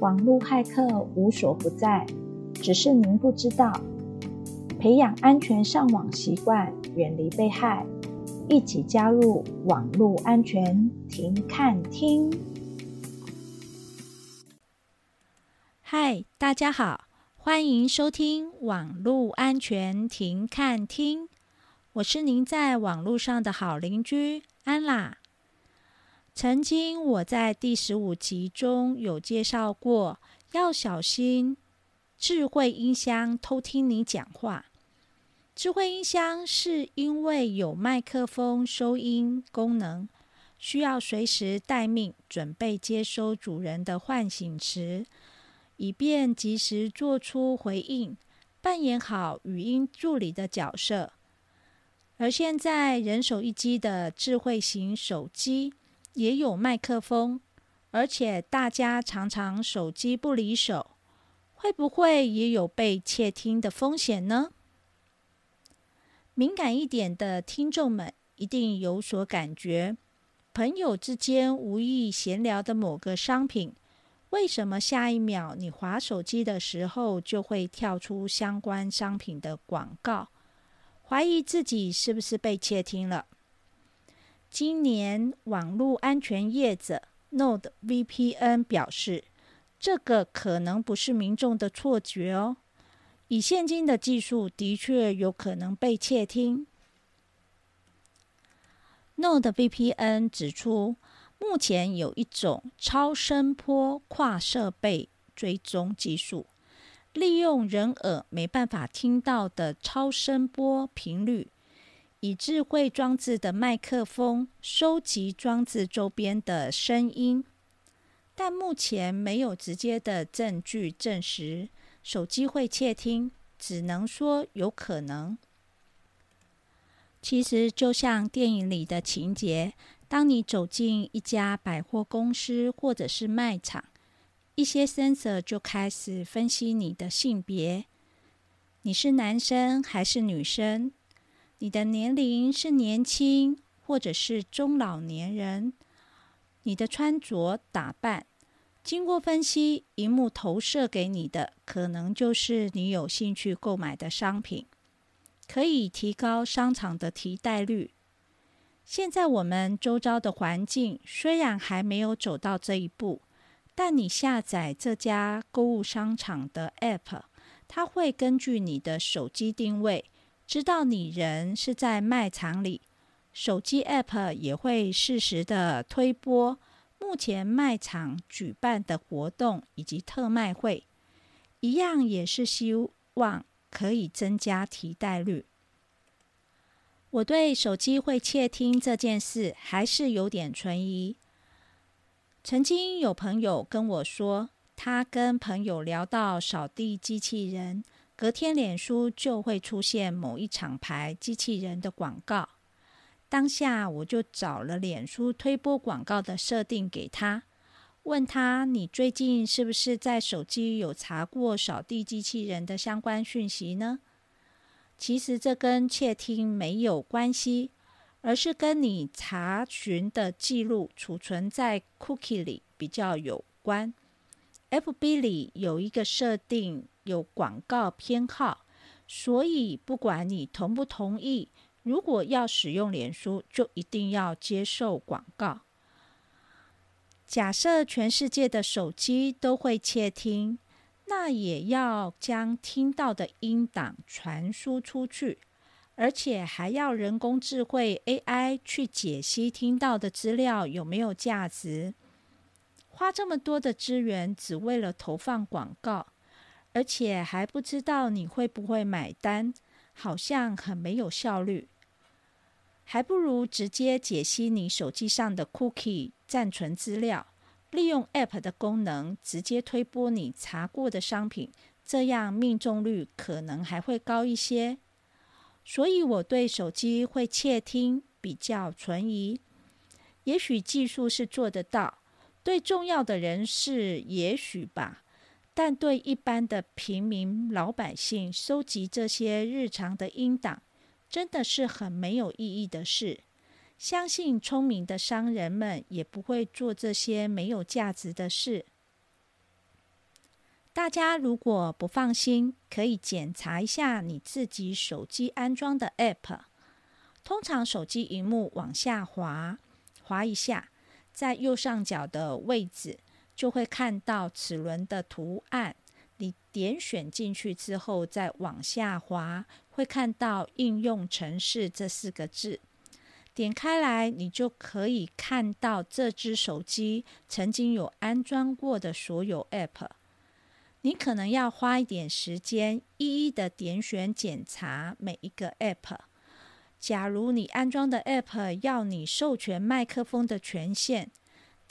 網絡駭客無所不在，只是您不知道。培養安全上網習慣，遠離被害，一起加入網絡安全停看聽。嗨，大家好，歡迎收聽網絡安全停看聽。我是您在網絡上的好鄰居安啦。Anna 曾經我在第十五集中有介紹過，要小心智慧音箱偷聽你講話。智慧音箱是因為有麥克風收音功能，需要隨時待命，準備接收主人的喚醒詞，以便及時做出回應，扮演好語音助理的角色。而現在人手一機的智慧型手機。也有麥克風，而且大家常常手機不離手，會不會也有被竊聽的風險呢？敏感一點的聽眾們一定有所感覺，朋友之間無意閒聊的某個商品，為什麼下一秒你滑手機的時候就會跳出相關商品的廣告？懷疑自己是不是被竊聽了？今年網絡安全業者 Node VPN 表示，這個可能不是民眾的錯覺哦。以現今的技術，的確有可能被竊聽。Node VPN 指出，目前有一種超聲波跨設備追蹤技術，利用人耳沒辦法聽到的超聲波頻率。以智慧裝置的麥克風收集裝置周邊的聲音，但目前沒有直接的證據證實手機會竊聽，只能說有可能。其實就像電影裡的情節，當你走進一家百貨公司或者是賣場，一些 sensor 就開始分析你的性別，你是男生還是女生？你的年齡是年輕或者是中老年人，你的穿着打扮，經過分析，熒幕投射給你的可能就是你有興趣購買的商品，可以提高商場的提袋率。現在我們周遭的環境雖然還沒有走到這一步，但你下載這家購物商場的 App，它會根據你的手機定位。知道你人是在賣場裡，手機 App 也會適時的推播目前賣場舉辦的活動以及特賣會，一樣也是希望可以增加提袋率。我對手機會竊聽這件事還是有點存疑。曾經有朋友跟我說，他跟朋友聊到掃地機器人。隔天，臉書就會出現某一廠牌機器人的廣告。當下，我就找了臉書推播廣告的設定給他，問他：“你最近是不是在手機有查過掃地機器人的相關訊息呢？”其實這跟竊聽沒有關係，而是跟你查詢的記錄儲存在 cookie 裡比較有關。FB 裡有一個設定。有廣告偏好，所以不管你同不同意，如果要使用臉書，就一定要接受廣告。假設全世界的手機都會竊聽，那也要將聽到的音檔傳輸出去，而且還要人工智慧 AI 去解析聽到的資料有沒有價值。花這麼多的資源，只為了投放廣告。而且還不知道你會不會買單，好像很沒有效率，還不如直接解析你手機上的 Cookie 暫存資料，利用 App 的功能直接推播你查過的商品，這樣命中率可能還會高一些。所以我對手機會竊聽比較存疑，也許技術是做得到，對重要的人是也許吧。但對一般的平民老百姓，收集這些日常的音檔，真的是很沒有意義的事。相信聰明的商人們也不會做這些沒有價值的事。大家如果不放心，可以檢查一下你自己手機安裝的 App。通常手機熒幕往下滑，滑一下，在右上角的位置。就會看到齒輪的圖案，你點選進去之後，再往下滑，會看到應用程式這四個字。點開來，你就可以看到這支手機曾經有安裝過的所有 App。你可能要花一點時間，一一的點選檢查每一個 App。假如你安裝的 App 要你授權麥克風的權限。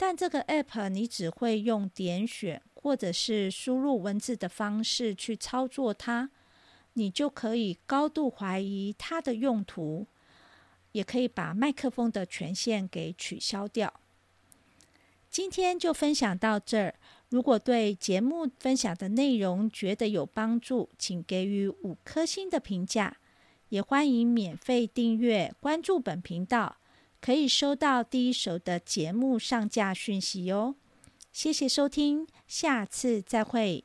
但這個 APP 你只會用點選或者是輸入文字的方式去操作它，你就可以高度懷疑它的用途，也可以把麥克風的權限給取消掉。今天就分享到這兒。如果對節目分享的內容覺得有幫助，請給予五顆星的評價，也歡迎免費訂閱關注本頻道。可以收到第一手的節目上架訊息喲！謝謝收聽，下次再會。